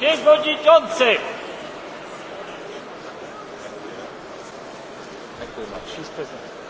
Przewodniczący! Dziękuję bardzo.